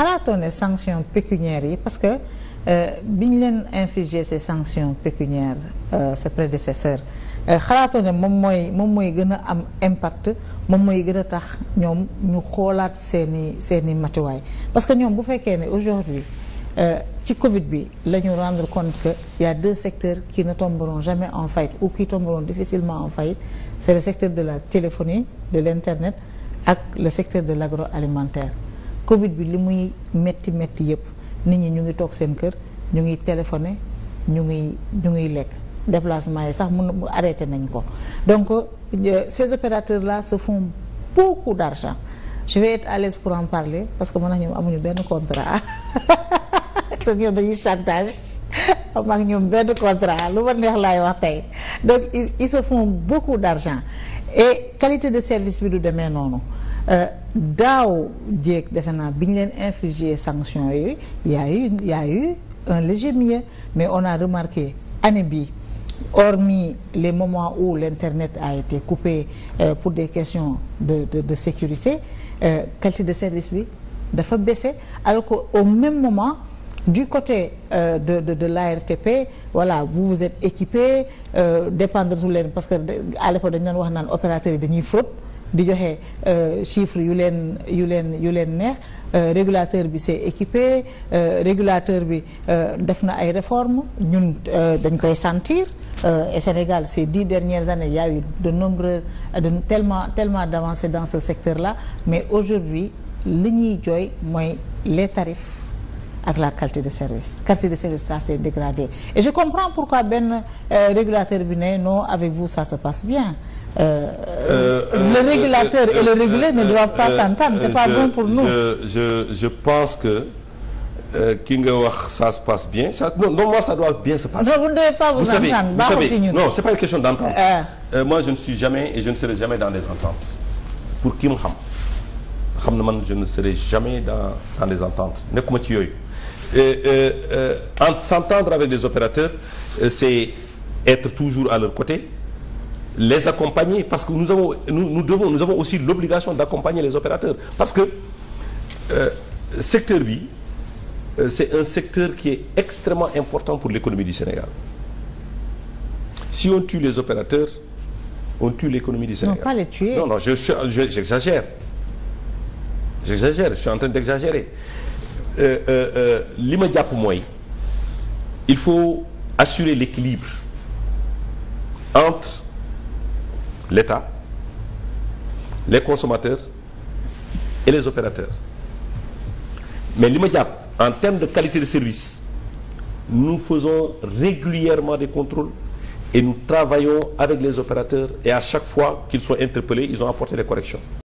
xalaatoo ne sanctions pécuniaires yi parce que euh, bi ñu leen infliger ces sanctions pécuniaires euh, ses prédécesseurs euh, xalaatoo ne moom mooy moom mooy gën a am impact moom mooy gën a tax ñoom ñu xoolaat seeni seeni matuwaay parce que ñoom bu fekkee ne aujourd'hui ci Covid bi la ñu rendre compte que y a deux secteurs qui ne tomberont jamais en faillite ou qui tomberont difficilement en faillite c'est le secteur de la téléphonie de l'internet ak le secteur de l'agroalimentaire Covid bi li muy métti métti yëpp nit ñi ñu ngi toog seen kër ñu ngi téléphoné ñu ngi ñu ngi lekk déplacement yi sax mun arrêté nañ ko donc euh, ces opérateurs la se font beaucoup d'argent je vais pour en parler parce que mun ak ñoom amuñu benn contrat te ñoom dañuy chantage am ak ñoom benn contrat lu ma neex laay wax tey donc ils se font beaucoup d'argent et qualité de service bi du demee noonu Euh, daaw jéeg defe naa bi ñu leen infligé sanction yooyu y a eu y eu un léger mieux mais on a remarqué année bii hormis les moments où l'internet a été coupé euh, pour des questions de de de sécurité euh, qualité de service bi dafa baissé alors que au même moment du côté euh, de de de l'ARTP wala vous vous êtes équipé euh, dépendre leen parce que à l'époque dañu doon wax naan opérateurs yi dañuy faute di joxe euh, chiffres yu leen yu leen yu leen neex euh, régulateur bi s'est équipé euh, régulateur bi def na ay réformes ñun dañ koy sentir et Sénégal ces dix dernière années il y a eu de nombreux de tellement tellement d'avancées dans ce secteur la mais aujourd'hui li ñuy jooy mooy les tarifs ak la qualité de service qualité de service ça s'est dégradé et je comprends pourquoi benn euh, régulateur bi ne non avec vous ça se passe bien euh, euh, le euh, régulateur euh, et le euh, régulé ne doivent pas s'entendre c'est pas bon pour nous je je je pense que ki nga wax ça se passe bien ça non non moi ça doit bien se passer. non vous ne devez pas vous, vous non c'est pas une question d'entente. Ah. moi je ne suis jamais et je ne serai jamais dans des ententes pour ki mu xam xam na man je ne serai jamais dans dans des ententes nekkuma ci yooyu. Euh, euh, euh, s'entendre avec les opérateurs, c'est être toujours à leur côté, les accompagner, parce que nous, avons, nous, nous devons, nous avons aussi l'obligation d'accompagner les opérateurs. Parce que euh, secteur B, euh, c'est un secteur qui est extrêmement important pour l'économie du Sénégal. Si on tue les opérateurs, on tue l'économie du Sénégal. Non, pas les tuer. Non, non, j'exagère. Je, je, J'exagère, je suis en train d'exagérer. Euh, euh, euh, li ma jàpp mooy il faut assurer l'équilibre entre l'État les consommateurs et les opérateurs mais li ma jàpp en termes de qualité de service nous faisons régulièrement des contrôles et nous travaillons avec les opérateurs et à chaque fois qu'ils sont interpellés ils ont apporté des corrections